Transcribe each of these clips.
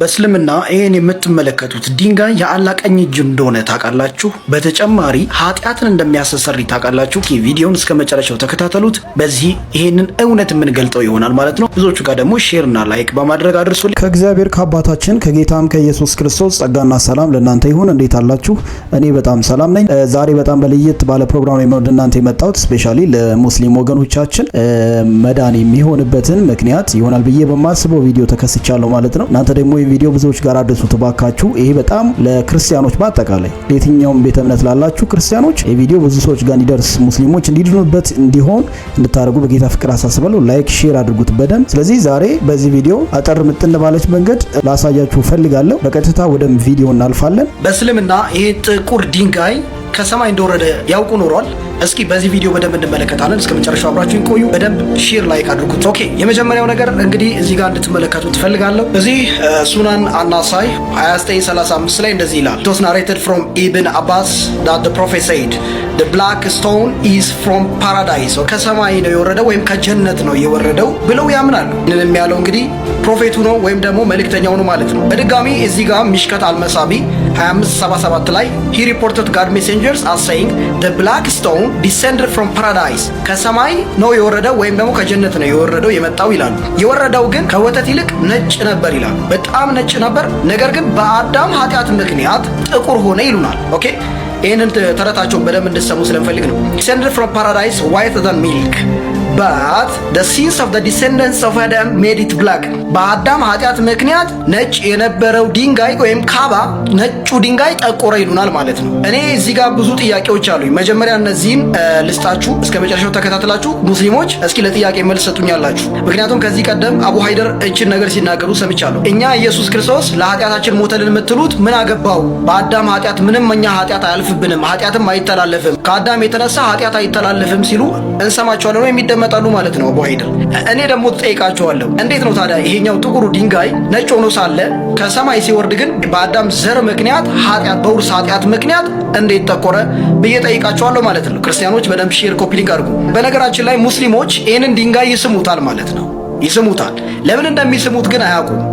በእስልምና ይህን የምትመለከቱት ድንጋይ የአላህ ቀኝ እጅ እንደሆነ ታውቃላችሁ። በተጨማሪ ኃጢአትን እንደሚያሰሰሪ ታውቃላችሁ። ቪዲዮን እስከ መጨረሻው ተከታተሉት። በዚህ ይህንን እውነት የምንገልጠው ይሆናል ማለት ነው። ብዙዎቹ ጋር ደግሞ ሼርና ላይክ በማድረግ አድርሱልኝ። ከእግዚአብሔር ከአባታችን ከጌታም ከኢየሱስ ክርስቶስ ጸጋና ሰላም ለእናንተ ይሁን። እንዴት አላችሁ? እኔ በጣም ሰላም ነኝ። ዛሬ በጣም በለየት ባለ ፕሮግራም ነው ወደ እናንተ የመጣሁት። ስፔሻሊ ለሙስሊም ወገኖቻችን መዳን የሚሆንበትን ምክንያት ይሆናል ብዬ በማስበው ቪዲዮ ተከስቻለሁ ማለት ነው። እናንተ ደግሞ ቪዲዮ ብዙዎች ጋር አድርሱት ባካችሁ። ይሄ በጣም ለክርስቲያኖች በአጠቃላይ ለየትኛውም ቤተ እምነት ላላችሁ ክርስቲያኖች ይሄ ቪዲዮ ብዙ ሰዎች ጋር እንዲደርስ ሙስሊሞች እንዲድኑበት እንዲሆን እንድታደርጉ በጌታ ፍቅር አሳስባለሁ። ላይክ ሼር አድርጉት በደንብ። ስለዚህ ዛሬ በዚህ ቪዲዮ አጠር ምጥን ባለች መንገድ ላሳያችሁ ፈልጋለሁ። በቀጥታ ወደ ቪዲዮ እናልፋለን። በእስልምና ይሄ ጥቁር ድንጋይ ከሰማይ እንደወረደ ያውቁ ኖሯል። እስኪ በዚህ ቪዲዮ በደንብ እንመለከታለን። እስከ መጨረሻው አብራችሁን ቆዩ። በደንብ ሼር ላይክ አድርጉት። ኦኬ የመጀመሪያው ነገር እንግዲህ እዚህ ጋር እንድትመለከቱ ትፈልጋለሁ። እዚህ ሱናን አናሳይ 2935 ላይ እንደዚህ ይላል ቶስ ናሬትድ ፍሮም ኢብን አባስ ዳት ዘ ፕሮፌት ሰይድ ዘ ብላክ ስቶን ኢዝ ፍሮም ፓራዳይስ ከሰማይ ነው የወረደው ወይም ከጀነት ነው የወረደው ብለው ያምናሉ። ይህንንም ያለው እንግዲህ ፕሮፌቱ ነው ወይም ደግሞ መልእክተኛው ነው ማለት ነው። በድጋሚ እዚህ ጋር ሚሽከት አልመሳቢ 2577 ላይ ሂ ሪፖርትድ ጋድ ሜሴንጀርስ አሳይንግ ደ ብላክ ስቶን ዲሰንድድ ፍሮም ፓራዳይስ ከሰማይ ነው የወረደው ወይም ደግሞ ከጀነት ነው የወረደው የመጣው ይላሉ። የወረደው ግን ከወተት ይልቅ ነጭ ነበር ይላሉ። በጣም ነጭ ነበር፣ ነገር ግን በአዳም ኃጢአት ምክንያት ጥቁር ሆነ ይሉናል። ኦኬ ይህንን ተረታቸውን በደንብ እንድሰሙ ስለምፈልግ ነው። ዲሰንድድ ፍሮም ፓራዳይስ ዋይት ዘን ሚልክ ባት ደ ሲንስ ኦፍ ደ ዲሴንደንስ ኦፍ አዳም ሜድ ኢት ብላክ በአዳም ኃጢአት ምክንያት ነጭ የነበረው ድንጋይ ወይም ካባ ነጩ ድንጋይ ጠቆረ ይሉናል ማለት ነው። እኔ እዚህ ጋር ብዙ ጥያቄዎች አሉኝ። መጀመሪያ እነዚህን ልስጣችሁ፣ እስከ መጨረሻው ተከታትላችሁ ሙስሊሞች እስኪ ለጥያቄ መልስ ሰጡኛላችሁ። ምክንያቱም ከዚህ ቀደም አቡ ሀይደር እችን ነገር ሲናገሩ ሰምቻለሁ። እኛ ኢየሱስ ክርስቶስ ለኃጢአታችን ሞተልን የምትሉት ምን አገባው? በአዳም ኃጢአት ምንም እኛ ኃጢአት አያልፍብንም፣ ኃጢአትም አይተላለፍም፣ ከአዳም የተነሳ ኃጢአት አይተላለፍም ሲሉ እንሰማቸዋለን ነው ይመጣሉ ማለት ነው አቡ ሀይደር። እኔ ደግሞ ትጠይቃቸዋለሁ፣ እንዴት ነው ታዲያ ይሄኛው ጥቁሩ ድንጋይ ነጭ ሆኖ ሳለ ከሰማይ ሲወርድ ግን በአዳም ዘር ምክንያት ኃጢአት፣ በውርስ ኃጢአት ምክንያት እንዴት ጠቆረ ብዬ ጠይቃቸዋለሁ ማለት ነው። ክርስቲያኖች በደንብ ሼር ኮፒሊንግ አድርጉ። በነገራችን ላይ ሙስሊሞች ይህንን ድንጋይ ይስሙታል ማለት ነው፣ ይስሙታል። ለምን እንደሚስሙት ግን አያውቁም።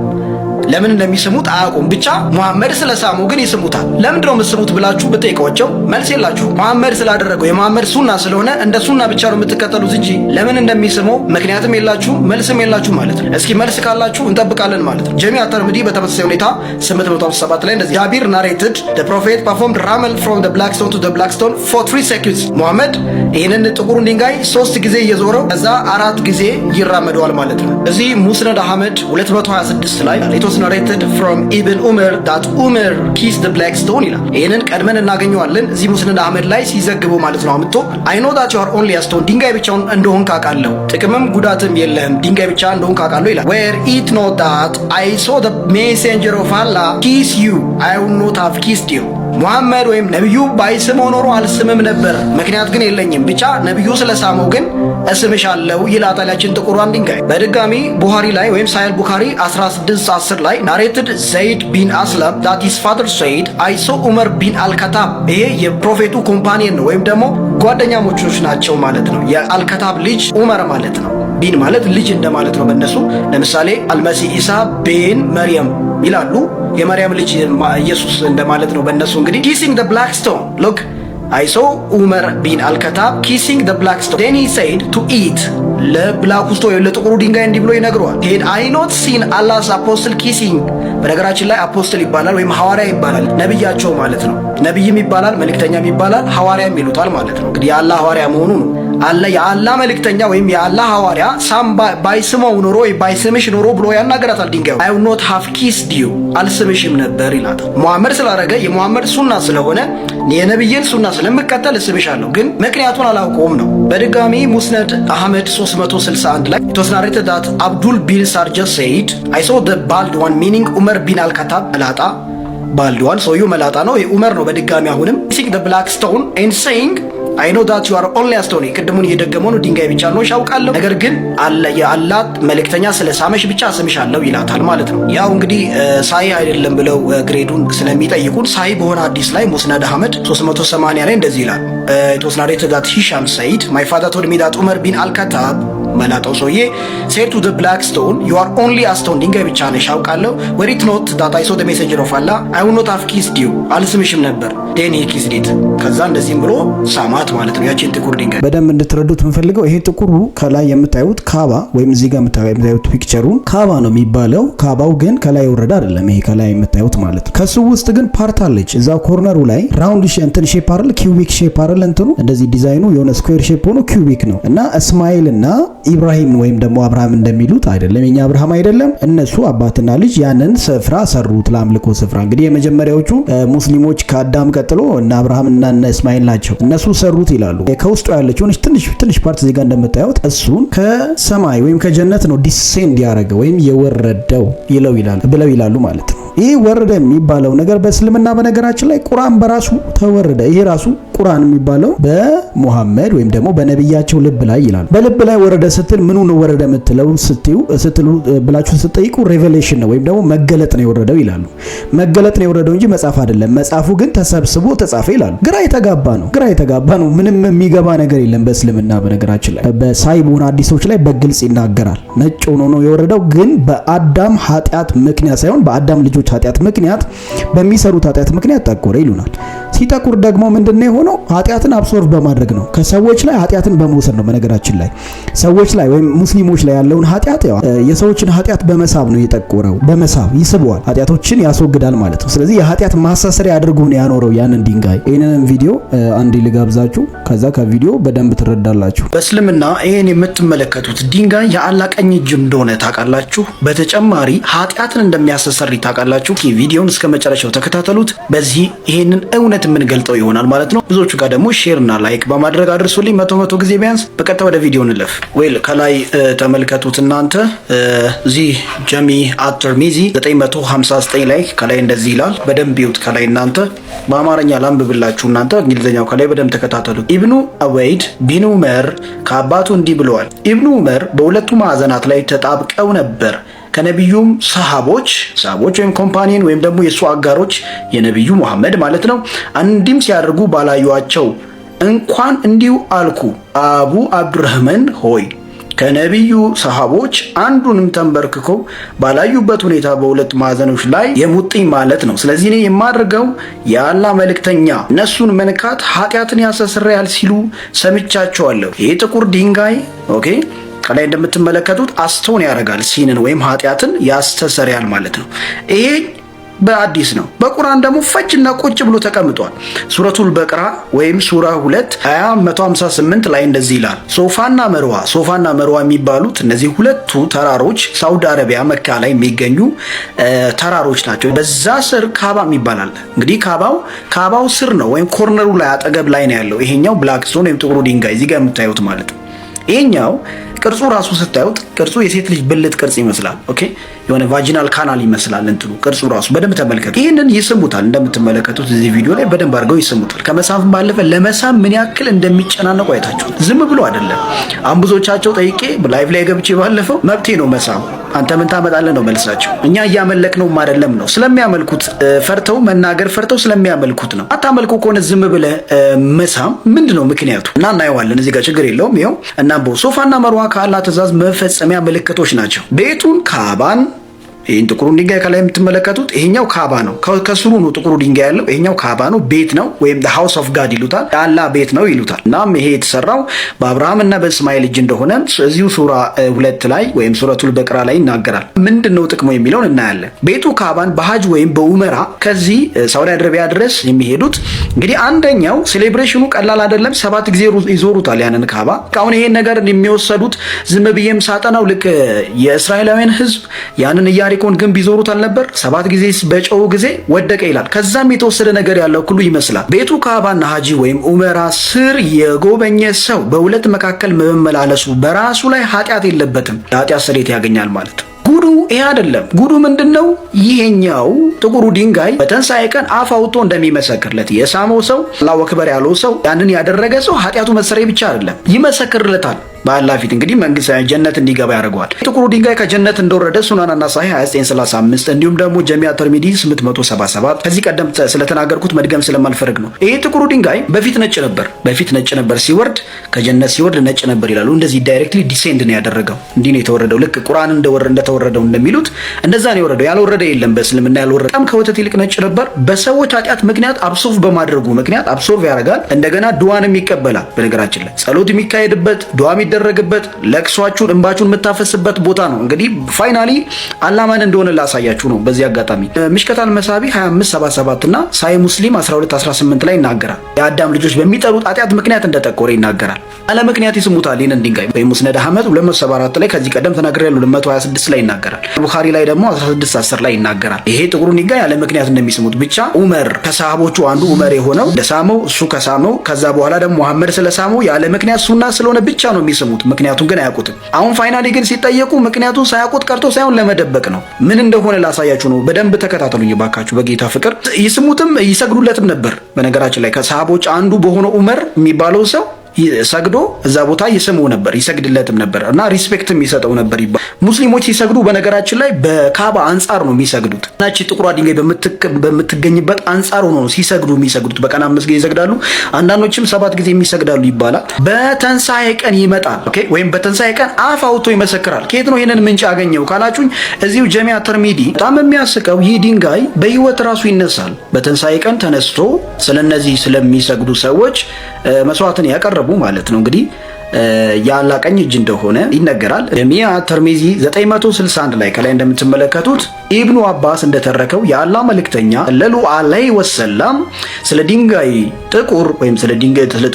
ለምን እንደሚስሙት አያውቁም። ብቻ መሐመድ ስለሳሙ ግን ይስሙታል። ለምንድን ነው የምትስሙት ብላችሁ ብጠይቋቸው መልስ የላችሁ። መሐመድ ስላደረገው የመሐመድ ሱና ስለሆነ እንደ ሱና ብቻ ነው የምትከተሉት እንጂ ለምን እንደሚስመው ምክንያትም የላችሁ መልስም የላችሁ ማለት ነው። እስኪ መልስ ካላችሁ እንጠብቃለን ማለት ነው። ጀሚዓ ተርሚዲ በተመሳሳይ ሁኔታ 857 ላይ እንደዚህ ጃቢር ናሬትድ ፕሮፌት ፐርፎርምድ ራመል ፍሮም ብላክ ስቶን ቱ ብላክ ስቶን ፎር ትሪ ሴኩንድስ መሐመድ ይህንን ጥቁሩን ድንጋይ ሶስት ጊዜ እየዞረው ከዛ አራት ጊዜ ይራመደዋል ማለት ነው። እዚህ ሙስነድ አህመድ 226 ላይ was narrated from Ibn Umar that Umar kissed the black stone ይላል። ይህንን ቀድመን እናገኘዋለን እዚህ ሙስነድ አህመድ ላይ ሲዘግበው ማለት ነው። አምጥቶ አይ ዳት ዩ ኦንሊ አስቶን ድንጋይ ብቻውን እንደሆን ካቃለሁ ጥቅምም ጉዳትም የለህም ድንጋይ ብቻ እንደሆን ካቃለሁ ይላል። ዌር ኢት ኖ ዳት አይ ሶ ዘ ሜሴንጀር ኦፍ አላህ ኪስ ዩ አይ ውድ ኖት ሃቭ ኪስድ ዩ ሙሐመድ ወይም ነቢዩ ባይስመው ኖሮ አልስምም ነበር። ምክንያት ግን የለኝም ብቻ ነቢዩ ስለሳመው ግን እስምሻለሁ ይላል ጠላችን ጥቁሯን ድንጋይ። በድጋሚ ቡሃሪ ላይ ወይም ሳይል ቡኻሪ 1610 ላይ ናሬትድ ዘይድ ቢን አስለም ዳት ሂዝ ፋዘር ሰይድ አይሶ ዑመር ቢን አልከታብ። ይሄ የፕሮፌቱ ኮምፓኒየን ነው ወይም ደግሞ ጓደኛሞች ናቸው ማለት ነው። የአልከታብ ልጅ ዑመር ማለት ነው። ቢን ማለት ልጅ እንደማለት ነው በእነሱ። ለምሳሌ አልመሲ ኢሳ ቤን መርየም ይላሉ። የመርያም ልጅ ኢየሱስ እንደማለት ነው በእነሱ። እንግዲህ ኪሲንግ ዘ ብላክ ስቶን ሎክ I saw Umar bin al-Khattab kissing the black stone. Then he said to eat ለብላኩስቶ ወይም ለጥቁሩ ድንጋይ እንዲህ ብሎ ይነግረዋል። ሄድ አይኖት ሲን አላስ አፖስትል ኪሲንግ። በነገራችን ላይ አፖስትል ይባላል ወይም ሐዋርያ ይባላል፣ ነብያቸው ማለት ነው። ነብይም ይባላል፣ መልእክተኛም ይባላል፣ ሐዋርያም ይሉታል ማለት ነው። እንግዲህ የአላህ ሐዋርያ መሆኑ ነው። አለ የአላህ መልእክተኛ ወይም የአላህ ሐዋርያ ሳም ባይስመው ኖሮ ባይስምሽ ኖሮ ብሎ ያናገራታል። ድንጋዩ አይ ኖት ሃፍ ኪስ ዲዩ አልስምሽም ነበር ይላታል። ሙሐመድ ስላረገ የሙሐመድ ሱና ስለሆነ የነብይን ሱና ስለምከተል እስምሻለሁ፣ ግን ምክንያቱን አላውቀውም ነው። በድጋሚ ሙስነድ አህመድ 361 ላይ ኢት ዋዝ ዳት አብዱል ቢን ሳርጃ ሰይድ አይ ባልድ ዋን ሚኒንግ ዑመር ቢን አልከታብ መላጣ ባልድ ዋን መላጣ ነው ዑመር ነው በድጋሚ አሁንም ሲንግ ደ ብላክ አይ ኖ ዳት ዩ አር ኦንሊ አስቶኒ ቅድሙን እየደገመው ነው። ድንጋይ ብቻ ነው ያውቃለሁ። ነገር ግን አለ የአላት መልእክተኛ ስለ ሳመሽ ብቻ ስምሻለሁ ይላታል ማለት ነው። ያው እንግዲህ ሳይ አይደለም ብለው ግሬዱን ስለሚጠይቁን ሳይ በሆነ አዲስ ላይ ሙስናድ አህመድ 380 ላይ እንደዚህ ይላል ኢት ዋዝ ናሬትድ ዳት ሂሻም ሰይድ ማይ ፋዘር ቶልድ ሚ ዳት ዑመር ቢን አልከታብ መላጣው ሰውዬ ሴር ቱ ዘ ብላክ ስቶን ዩ አር ኦንሊ አስቶን ድንጋይ ብቻ ነሽ አውቃለሁ። ወሪት ኖት ዳት አይ ሶ ዘ ሜሴጅ ኦፍ አላ አይ ኖት አፍ ኪስድ ዩ አልስምሽም ነበር ዴን ኪስ ዴት ከዛ እንደዚህም ብሎ ሳማት ማለት ነው ያቺን ጥቁር ድንጋይ። በደንብ እንድትረዱት የምፈልገው ይሄ ጥቁሩ ከላይ የምታዩት ካባ ወይም እዚህ ጋር የምታዩት ፒክቸሩ ካባ ነው የሚባለው። ካባው ግን ከላይ የወረደ አይደለም። ይሄ ከላይ የምታዩት ማለት ነው። ከሱ ውስጥ ግን ፓርት አለች እዛ ኮርነሩ ላይ ራውንድ እንትን ሼፕ አይደል ኪዩቢክ ሼፕ አይደል እንትኑ እንደዚህ ዲዛይኑ የሆነ ስኩዌር ሼፕ ሆኖ ኪዩቢክ ነው እና ስማይል እና ኢብራሂም ወይም ደግሞ አብርሃም እንደሚሉት አይደለም፣ የኛ አብርሃም አይደለም። እነሱ አባትና ልጅ ያንን ስፍራ ሰሩት ለአምልኮ ስፍራ። እንግዲህ የመጀመሪያዎቹ ሙስሊሞች ከአዳም ቀጥሎ እነ አብርሃም እና እነ እስማኤል ናቸው። እነሱ ሰሩት ይላሉ። ከውስጡ ያለችውን ትንሽ ትንሽ ፓርት እዚህ ጋር እንደምታዩት እሱን ከሰማይ ወይም ከጀነት ነው ዲሴንድ ያደረገ ወይም የወረደው ይለው ይላሉ ብለው ይላሉ ማለት ነው። ይህ ወረደ የሚባለው ነገር በእስልምና በነገራችን ላይ ቁርአን በራሱ ተወረደ። ይሄ ራሱ ቁርአን የሚባለው በሙሐመድ ወይም ደግሞ በነቢያቸው ልብ ላይ ይላሉ። በልብ ላይ ወረደ ስትል ምኑ ነው ወረደ የምትለው ስትዩ ስትሉ ብላችሁ ስትጠይቁ ሬቨሌሽን ነው ወይም ደግሞ መገለጥ ነው የወረደው ይላሉ። መገለጥ ነው የወረደው እንጂ መጻፍ አይደለም። መጻፉ ግን ተሰብስቦ ተጻፈ ይላሉ። ግራ የተጋባ ነው። ግራ የተጋባ ነው። ምንም የሚገባ ነገር የለም በእስልምና። በነገራችን ላይ በሳይቦን አዲሶች ላይ በግልጽ ይናገራል። ነጭ ሆኖ ነው የወረደው፣ ግን በአዳም ኃጢአት ምክንያት ሳይሆን በአዳም ልጆች ኃጢአት ምክንያት በሚሰሩት ኃጢአት ምክንያት ጠቆረ ይሉናል። ሲጠቁር ደግሞ ምንድን ነው የሆነው? ኃጢአትን አብሶርቭ በማድረግ ነው። ከሰዎች ላይ ኃጢአትን በመውሰድ ነው። በነገራችን ላይ ሰዎች ላይ ወይም ሙስሊሞች ላይ ያለውን ኃጢአት የሰዎችን ኃጢአት በመሳብ ነው የጠቆረው። በመሳብ ይስበዋል፣ ኃጢአቶችን ያስወግዳል ማለት ነው። ስለዚህ የኃጢአት ማሳሰሪያ አድርጎ ነው ያኖረው ያንን ድንጋይ። ይህንንም ቪዲዮ አንድ ልጋብዛችሁ፣ ከዛ ከቪዲዮ በደንብ ትረዳላችሁ። በእስልምና ይህን የምትመለከቱት ድንጋይ የአላህ ቀኝ እጅ እንደሆነ ታውቃላችሁ። በተጨማሪ ኃጢአትን እንደሚያሳሰሪ ታውቃላችሁ። ቪዲዮን እስከ መጨረሻው ተከታተሉት። በዚህ ይህንን እውነት በኮመንት የምንገልጠው ይሆናል ማለት ነው። ብዙዎቹ ጋር ደግሞ ሼር እና ላይክ በማድረግ አድርሱልኝ መቶ መቶ ጊዜ ቢያንስ። በቀጥታ ወደ ቪዲዮ እንለፍ። ዌል ከላይ ተመልከቱት እናንተ እዚህ ጀሚ አተር ሚዚ 959 ላይ ከላይ እንደዚህ ይላል። በደንብ ይዩት ከላይ እናንተ በአማርኛ ላንብብላችሁ እናንተ እንግሊዝኛው ከላይ በደንብ ተከታተሉ። ኢብኑ አወይድ ቢን ኡመር ከአባቱ እንዲህ ብለዋል። ኢብኑ ኡመር በሁለቱ ማዕዘናት ላይ ተጣብቀው ነበር። ከነቢዩም ሰሃቦች ሰሃቦች ወይም ኮምፓኒን ወይም ደግሞ የእሱ አጋሮች የነቢዩ ሙሐመድ ማለት ነው አንዲም ሲያደርጉ ባላዩቸው እንኳን እንዲሁ አልኩ አቡ አብድረህማን ሆይ ከነቢዩ ሰሃቦች አንዱንም ተንበርክኮ ባላዩበት ሁኔታ በሁለት ማዕዘኖች ላይ የሙጥኝ ማለት ነው። ስለዚህ እኔ የማደርገው የአላ መልእክተኛ እነሱን መንካት ኃጢአትን ያስተሰርያል ሲሉ ሰምቻቸዋለሁ። ይህ ጥቁር ድንጋይ ኦኬ ከላይ እንደምትመለከቱት አስተውን ያደርጋል ሲንን ወይም ኃጢአትን ያስተሰርያል ማለት ነው። ይሄ በአዲስ ነው። በቁርአን ደግሞ ፈጅና ቁጭ ብሎ ተቀምጧል። ሱረቱል በቅራ ወይም ሱራ 2 158 ላይ እንደዚህ ይላል። ሶፋና መርዋ ሶፋና መርዋ የሚባሉት እነዚህ ሁለቱ ተራሮች ሳውዲ አረቢያ መካ ላይ የሚገኙ ተራሮች ናቸው። በዛ ስር ካባ ይባላል። እንግዲህ ካባው ካባው ስር ነው ወይም ኮርነሩ ላይ አጠገብ ላይ ነው ያለው። ይሄኛው ብላክ ስቶን ወይም ጥቁሩ ድንጋይ እዚህ ጋር የምታዩት ማለት ነው። ይሄኛው ቅርጹ ራሱ ስታዩት ቅርጹ የሴት ልጅ ብልት ቅርጽ ይመስላል። ኦኬ የሆነ ቫጂናል ካናል ይመስላል እንትኑ ቅርጹ ራሱ በደንብ ተመልከቱ። ይህንን ይስሙታል፣ እንደምትመለከቱት እዚህ ቪዲዮ ላይ በደንብ አድርገው ይስሙታል። ከመሳብም ባለፈ ለመሳብ ምን ያክል እንደሚጨናነቁ አይታችሁ። ዝም ብሎ አይደለም። አንብዞቻቸው ጠይቄ ላይፍ ላይ ገብቼ ባለፈው መብቴ ነው መሳም አንተ ምን ታመጣለህ ነው መልሳቸው። እኛ እያመለክ ነው አይደለም ነው ስለሚያመልኩት ፈርተው መናገር ፈርተው ስለሚያመልኩት ነው። አታመልኩ ከሆነ ዝም ብለህ መሳም ምንድን ነው ምክንያቱ? እና እናየዋለን። እዚህ ጋር ችግር የለውም። ይኸው እና ሶፋና መርዋ ከአላህ ትእዛዝ መፈጸሚያ ምልክቶች ናቸው። ቤቱን ካባን ይህን ጥቁሩን ድንጋይ ከላይ የምትመለከቱት ይሄኛው ካባ ነው። ከስሩ ነው ጥቁሩ ድንጋይ ያለው። ይሄኛው ካባ ነው፣ ቤት ነው፣ ወይም ሃውስ ኦፍ ጋድ ይሉታል። የአላህ ቤት ነው ይሉታል። እናም ይሄ የተሰራው በአብርሃም እና በእስማኤል እጅ እንደሆነ እዚሁ ሱራ ሁለት ላይ ወይም ሱረቱል በቅራ ላይ ይናገራል። ምንድን ነው ጥቅሙ የሚለውን እናያለን። ቤቱ ካባን በሀጅ ወይም በኡመራ ከዚህ ሳውዲ አረቢያ ድረስ የሚሄዱት እንግዲህ አንደኛው ሴሌብሬሽኑ ቀላል አይደለም። ሰባት ጊዜ ይዞሩታል ያንን ካባ። አሁን ይሄን ነገር የሚወሰዱት ዝም ብዬም ሳጠናው ልክ የእስራኤላውያን ህዝብ ያንን እያ ኢያሪኮን ግንብ ይዞሩት አልነበር? ሰባት ጊዜ በጨው ጊዜ ወደቀ ይላል። ከዛም የተወሰደ ነገር ያለው ሁሉ ይመስላል። ቤቱ ካዕባና ሀጂ ወይም ኡመራ ስር የጎበኘ ሰው በሁለት መካከል መመላለሱ በራሱ ላይ ኃጢአት የለበትም። ለኃጢአት ስርየት ያገኛል ማለት ነው። ጉዱ ይሄ አይደለም። ጉዱ ምንድን ነው? ይሄኛው ጥቁሩ ድንጋይ በትንሣኤ ቀን አፍ አውጥቶ እንደሚመሰክርለት የሳመው ሰው አላሁ አክበር ያለው ሰው ያንን ያደረገ ሰው ኃጢአቱ መሰረይ ብቻ አይደለም ይመሰክርለታል። በአላህ ፊት እንግዲህ መንግስት ጀነት እንዲገባ ያደርገዋል። ጥቁሩ ድንጋይ ከጀነት እንደወረደ ሱናናና ሳ 2935 እንዲሁም ደግሞ ጀሚያ ተርሚዲ 877 ከዚህ ቀደም ስለተናገርኩት መድገም ስለማልፈረግ ነው። ይሄ ጥቁሩ ድንጋይ በፊት ነጭ ነበር፣ በፊት ነጭ ነበር፣ ሲወርድ ከጀነት ሲወርድ ነጭ ነበር ይላሉ። እንደዚህ ዳይሬክትሊ ዲሴንድ ነው ያደረገው፣ እንዲህ ነው የተወረደው። ልክ ቁርአን እንደተወረደው እንደሚሉት እንደዛ ነው የወረደው። ያልወረደ የለም በእስልምና ያልወረደ። በጣም ከወተት ይልቅ ነጭ ነበር። በሰዎች ኃጢአት ምክንያት አብሶርቭ በማድረጉ ምክንያት አብሶርቭ ያደርጋል። እንደገና ድዋንም ይቀበላል። በነገራችን ላይ ጸሎት የሚካሄድበት ድዋ የሚደረግበት ለቅሷችሁን እንባችሁን የምታፈስበት ቦታ ነው። እንግዲህ ፋይናሊ አላማን እንደሆነ ላሳያችሁ ነው። በዚህ አጋጣሚ ምሽከታል መሳቢ 2577 እና ሳይ ሙስሊም 1218 ላይ ይናገራል። የአዳም ልጆች በሚጠሩት አጢአት ምክንያት እንደጠቆረ ይናገራል። አለ ምክንያት ይስሙታል ይህንን ድንጋይ። በሙስነድ አህመድ 274 ላይ ከዚህ ቀደም ተናግሬያለሁ። 226 ላይ ይናገራል። ቡኻሪ ላይ ደግሞ 1610 ላይ ይናገራል። ይሄ ጥቁሩ ድንጋይ ያለ ምክንያት እንደሚስሙት ብቻ ዑመር ከሰሃቦቹ አንዱ ዑመር የሆነው እንደሳመው እሱ ከሳመው ከዛ በኋላ ደግሞ መሐመድ ስለሳመው ያለ ምክንያት ሱና ስለሆነ ብቻ ነው የሚስሙ አያስቡት፣ ምክንያቱም ግን አያውቁትም። አሁን ፋይናሊ ግን ሲጠየቁ ምክንያቱን ሳያውቁት ቀርቶ ሳይሆን ለመደበቅ ነው። ምን እንደሆነ ላሳያችሁ ነው። በደንብ ተከታተሉኝ ባካችሁ። በጌታ ፍቅር ይስሙትም ይሰግዱለትም ነበር። በነገራችን ላይ ከሰሃቦች አንዱ በሆነ ዑመር የሚባለው ሰው ሰግዶ እዛ ቦታ ይስመው ነበር፣ ይሰግድለትም ነበር እና ሪስፔክትም ይሰጠው ነበር ይባላል። ሙስሊሞች ሲሰግዱ በነገራችን ላይ በካባ አንጻር ነው የሚሰግዱት። ናቺ ጥቁሯ ድንጋይ በምትገኝበት አንጻር ሆኖ ነው ሲሰግዱ የሚሰግዱት። በቀን አምስት ጊዜ ይሰግዳሉ፣ አንዳንዶችም ሰባት ጊዜ የሚሰግዳሉ ይባላል። በተንሳኤ ቀን ይመጣል ወይም በተንሳኤ ቀን አፍ አውጥቶ ይመሰክራል። ከየት ነው ይህንን ምንጭ አገኘው ካላችሁኝ እዚሁ ጀሚያ ተርሚዲ። በጣም የሚያስቀው ይህ ድንጋይ በህይወት ራሱ ይነሳል። በተንሳኤ ቀን ተነስቶ ስለነዚህ ስለሚሰግዱ ሰዎች መስዋዕትን ያቀረበ ሲያቀርቡ ማለት ነው እንግዲህ የአላ ቀኝ እጅ እንደሆነ ይነገራል። ሚያ ተርሚዚ 961 ላይ ከላይ እንደምትመለከቱት ኢብኑ አባስ እንደተረከው የአላ መልእክተኛ ለሉ አለይ ወሰላም ስለ ድንጋይ ጥቁር ወይም ስለ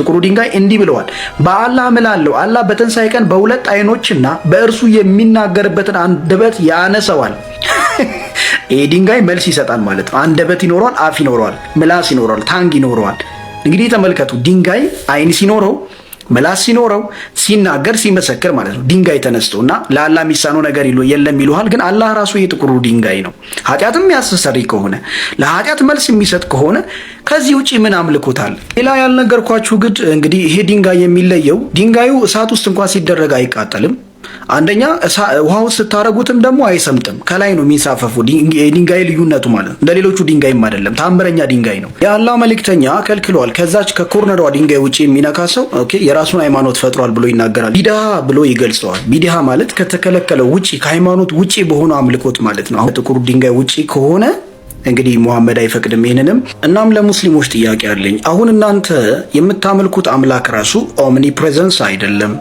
ጥቁሩ ድንጋይ እንዲህ ብለዋል፣ በአላህ እምላለሁ አላህ በትንሣኤ ቀን በሁለት አይኖችና በእርሱ የሚናገርበትን አንደበት ያነሰዋል። ይህ ድንጋይ መልስ ይሰጣል ማለት ነው። አንደበት ይኖረዋል፣ አፍ ይኖረዋል፣ ምላስ ይኖረዋል፣ ታንግ ይኖረዋል። እንግዲህ ተመልከቱ፣ ድንጋይ አይን ሲኖረው ምላስ ሲኖረው ሲናገር ሲመሰክር ማለት ነው። ድንጋይ ተነስቶ እና ለአላህ የሚሳነው ነገር የለም ይሉሃል። ግን አላህ ራሱ የጥቁሩ ድንጋይ ነው። ኃጢአትም ያስሰሪ ከሆነ ለኃጢአት መልስ የሚሰጥ ከሆነ ከዚህ ውጭ ምን አምልኮታል? ሌላ ያልነገርኳችሁ ግድ እንግዲህ ይሄ ድንጋይ የሚለየው ድንጋዩ እሳት ውስጥ እንኳን ሲደረግ አይቃጠልም። አንደኛ ውሃውን ስታረጉትም ደግሞ አይሰምጥም። ከላይ ነው የሚንሳፈፉ የድንጋይ ልዩነቱ ማለት ነው። እንደሌሎቹ ሌሎቹ ድንጋይም አይደለም፣ ታምረኛ ድንጋይ ነው። የአላ መልእክተኛ ከልክለዋል። ከዛች ከኮርነሯ ድንጋይ ውጭ የሚነካ ሰው የራሱን ሃይማኖት ፈጥሯል ብሎ ይናገራል። ቢድሃ ብሎ ይገልጸዋል። ቢድሃ ማለት ከተከለከለው ውጭ ከሃይማኖት ውጭ በሆነ አምልኮት ማለት ነው። አሁን ጥቁር ድንጋይ ውጭ ከሆነ እንግዲህ መሐመድ አይፈቅድም ይህንንም። እናም ለሙስሊሞች ጥያቄ አለኝ። አሁን እናንተ የምታመልኩት አምላክ ራሱ ኦምኒ ፕሬዘንስ አይደለም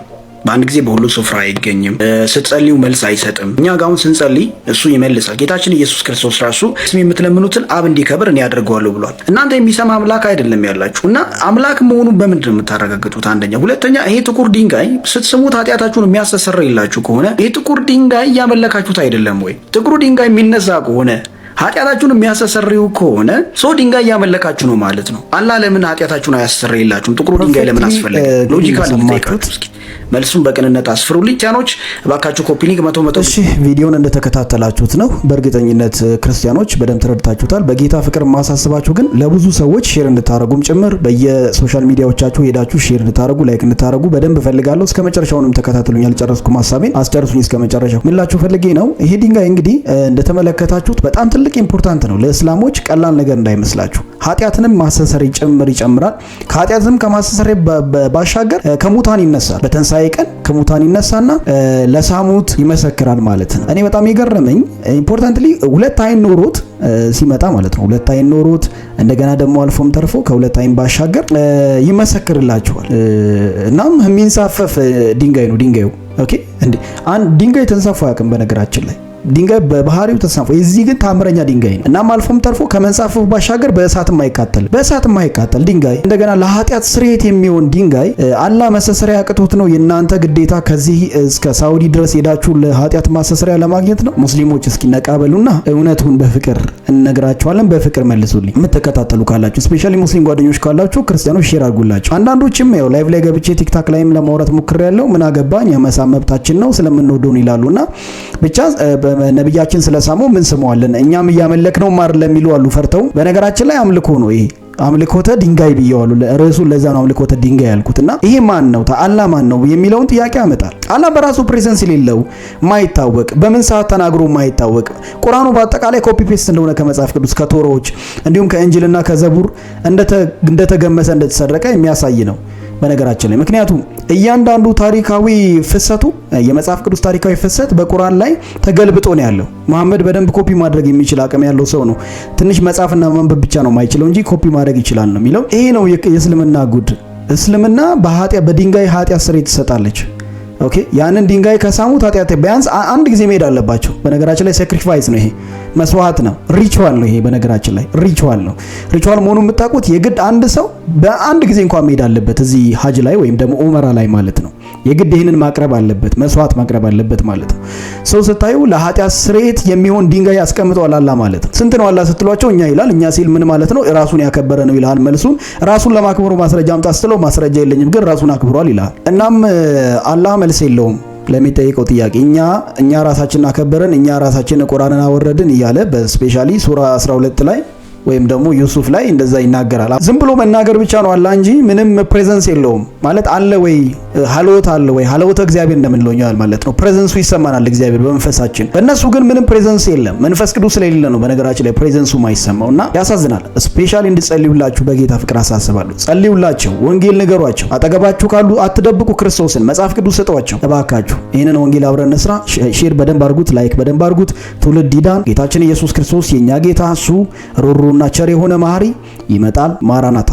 በአንድ ጊዜ በሁሉ ስፍራ አይገኝም። ስትጸልዩ መልስ አይሰጥም። እኛ ጋር አሁን ስንጸልይ እሱ ይመልሳል። ጌታችን ኢየሱስ ክርስቶስ ራሱ ስም የምትለምኑትን አብ እንዲከብር እኔ አደርገዋለሁ ብሏል። እናንተ የሚሰማ አምላክ አይደለም ያላችሁ እና አምላክ መሆኑን በምንድን የምታረጋግጡት? አንደኛ። ሁለተኛ ይሄ ጥቁር ድንጋይ ስትስሙት ኃጢአታችሁን የሚያስተሰረ ከሆነ ይህ ጥቁር ድንጋይ እያመለካችሁት አይደለም ወይ? ጥቁሩ ድንጋይ የሚነሳ ከሆነ ኃጢአታችሁን የሚያስተሰርዩ ከሆነ ሰው ድንጋይ እያመለካችሁ ነው ማለት ነው። አላህ ለምን ኃጢአታችሁን አያስተሰርይላችሁም? ጥቁሩ ድንጋይ ለምን አስፈለገ? ሎጂካል መልሱን በቅንነት አስፍሩ። ሊቻኖች እባካችሁ ኮፒሊንግ መቶ መቶ። እሺ ቪዲዮን እንደተከታተላችሁት ነው። በእርግጠኝነት ክርስቲያኖች በደንብ ተረድታችሁታል። በጌታ ፍቅር ማሳስባችሁ ግን ለብዙ ሰዎች ሼር እንድታደረጉም ጭምር በየሶሻል ሚዲያዎቻችሁ ሄዳችሁ ሼር እንድታደረጉ፣ ላይክ እንድታደረጉ በደንብ ፈልጋለሁ። እስከ መጨረሻውንም ተከታተሉኝ። አልጨረስኩም፣ ሀሳቤን አስጨርሱኝ እስከ መጨረሻው ምላችሁ ፈልጌ ነው። ይሄ ድንጋይ እንግዲህ እንደተመለከታችሁት በጣም ትልቅ ኢምፖርታንት ነው ለእስላሞች ቀላል ነገር እንዳይመስላችሁ ኃጢአትንም ማስተሰሪ ጭምር ይጨምራል። ከኃጢአትንም ከማስተሰሪ ባሻገር ከሙታን ይነሳል። በትንሣኤ ቀን ከሙታን ይነሳና ለሳሙት ይመሰክራል ማለት ነው። እኔ በጣም የገረመኝ ኢምፖርታንትሊ ሁለት አይን ኖሮት ሲመጣ ማለት ነው። ሁለት አይን ኖሮት እንደገና ደግሞ አልፎም ተርፎ ከሁለት አይን ባሻገር ይመሰክርላቸዋል። እናም የሚንሳፈፍ ድንጋይ ነው ድንጋዩ። ኦኬ እንዴ አንድ ድንጋይ ተንሳፎ አያውቅም በነገራችን ላይ ድንጋይ በባህሪው ተስናፎ የዚህ ግን ታምረኛ ድንጋይ ነው። እናም አልፎም ተርፎ ከመንጻፉ ባሻገር በእሳት ማይካተል በእሳት ማይካተል ድንጋይ እንደገና ለኃጢአት ስርየት የሚሆን ድንጋይ አላ መሰሰሪያ ያቅቶት ነው የእናንተ ግዴታ ከዚህ እስከ ሳውዲ ድረስ ሄዳችሁ ለኃጢአት ማሰሰሪያ ለማግኘት ነው። ሙስሊሞች እስኪ ነቃበሉና እውነቱን በፍቅር እነግራችኋለን። በፍቅር መልሱልኝ። የምትከታተሉ ካላችሁ ስፔሻሊ ሙስሊም ጓደኞች ካላችሁ ክርስቲያኖች ሼር አድርጉላቸው። አንዳንዶችም ያው ላይቭ ላይ ገብቼ ቲክታክ ላይም ለማውራት ሞክሬ ያለው ምን አገባኝ የመሳ መብታችን ነው ስለምንወደውን ይላሉና ብቻ ነቢያችን ስለሳሙ ምን ስመዋለን እኛም እያመለክ ነው ማር ለሚሉ አሉ ፈርተው። በነገራችን ላይ አምልኮ ነው ይሄ አምልኮተ ድንጋይ ብየዋሉ ርዕሱን። ለዛ ነው አምልኮተ ድንጋይ ያልኩት። ይሄ ማን ነው አላህ ማን ነው የሚለውን ጥያቄ ያመጣል። አላ በራሱ ፕሬዘንስ የሌለው ማይታወቅ፣ በምን ሰዓት ተናግሮ ማይታወቅ፣ ቁርአኑ በአጠቃላይ ኮፒ ፔስት እንደሆነ ከመጽሐፍ ቅዱስ ከቶሮዎች እንዲሁም ከእንጅልና ከዘቡር እንደተገመሰ እንደተሰረቀ የሚያሳይ ነው። በነገራችን ላይ ምክንያቱም እያንዳንዱ ታሪካዊ ፍሰቱ የመጽሐፍ ቅዱስ ታሪካዊ ፍሰት በቁርአን ላይ ተገልብጦ ነው ያለው። መሐመድ በደንብ ኮፒ ማድረግ የሚችል አቅም ያለው ሰው ነው። ትንሽ መጽሐፍና መንበብ ብቻ ነው ማይችለው እንጂ ኮፒ ማድረግ ይችላል ነው የሚለው። ይሄ ነው የእስልምና ጉድ። እስልምና በኃጢያ በድንጋይ ኃጢያ ስር ትሰጣለች። ኦኬ፣ ያንን ድንጋይ ከሳሙት ኃጢያት ቢያንስ አንድ ጊዜ መሄድ አለባቸው። በነገራችን ላይ ሳክሪፋይስ ነው ይሄ መስዋዕት ነው። ሪቹዋል ነው ይሄ። በነገራችን ላይ ሪቹዋል ነው። ሪቹዋል መሆኑን የምታውቁት የግድ አንድ ሰው በአንድ ጊዜ እንኳን መሄድ አለበት እዚህ ሀጅ ላይ ወይም ደግሞ ኡመራ ላይ ማለት ነው። የግድ ይህንን ማቅረብ አለበት፣ መስዋዕት ማቅረብ አለበት ማለት ነው። ሰው ስታዩ ለኃጢአት ስርየት የሚሆን ድንጋይ ያስቀምጠዋል አላ ማለት ነው። ስንት ነው አላ ስትሏቸው እኛ ይላል። እኛ ሲል ምን ማለት ነው? ራሱን ያከበረ ነው ይልሃል። መልሱን ራሱን ለማክበሩ ማስረጃ አምጣ ስትለው ማስረጃ የለኝም ግን ራሱን አክብሯል ይልሃል። እናም አላ መልስ የለውም ለሚጠይቀው ጥያቄ እኛ እኛ ራሳችን አከበረን እኛ ራሳችን ቁርአንን አወረድን እያለ በስፔሻሊ ሱራ 12 ላይ ወይም ደግሞ ዩሱፍ ላይ እንደዛ ይናገራል። ዝም ብሎ መናገር ብቻ ነው አላ እንጂ ምንም ፕሬዘንስ የለውም ማለት አለ ወይ ሀልወት አለ ወይ? ሀልወተ እግዚአብሔር እንደምንለኛል ማለት ነው። ፕሬዘንሱ ይሰማናል እግዚአብሔር በመንፈሳችን። በእነሱ ግን ምንም ፕሬዘንስ የለም። መንፈስ ቅዱስ ስለሌለ ነው በነገራችን ላይ ፕሬዘንሱ ማይሰማውና ያሳዝናል። ስፔሻሊ እንድጸልዩላችሁ በጌታ ፍቅር አሳስባለሁ። ጸልዩላቸው፣ ወንጌል ንገሯቸው። አጠገባችሁ ካሉ አትደብቁ ክርስቶስን። መጽሐፍ ቅዱስ ስጧቸው እባካችሁ። ይህንን ወንጌል አብረን እንስራ። ሼር በደንብ አርጉት፣ ላይክ በደንብ አርጉት። ትውልድ ይዳን። ጌታችን ኢየሱስ ክርስቶስ የእኛ ጌታ እሱ ሩሩና ቸር የሆነ መሐሪ ይመጣል። ማራናታ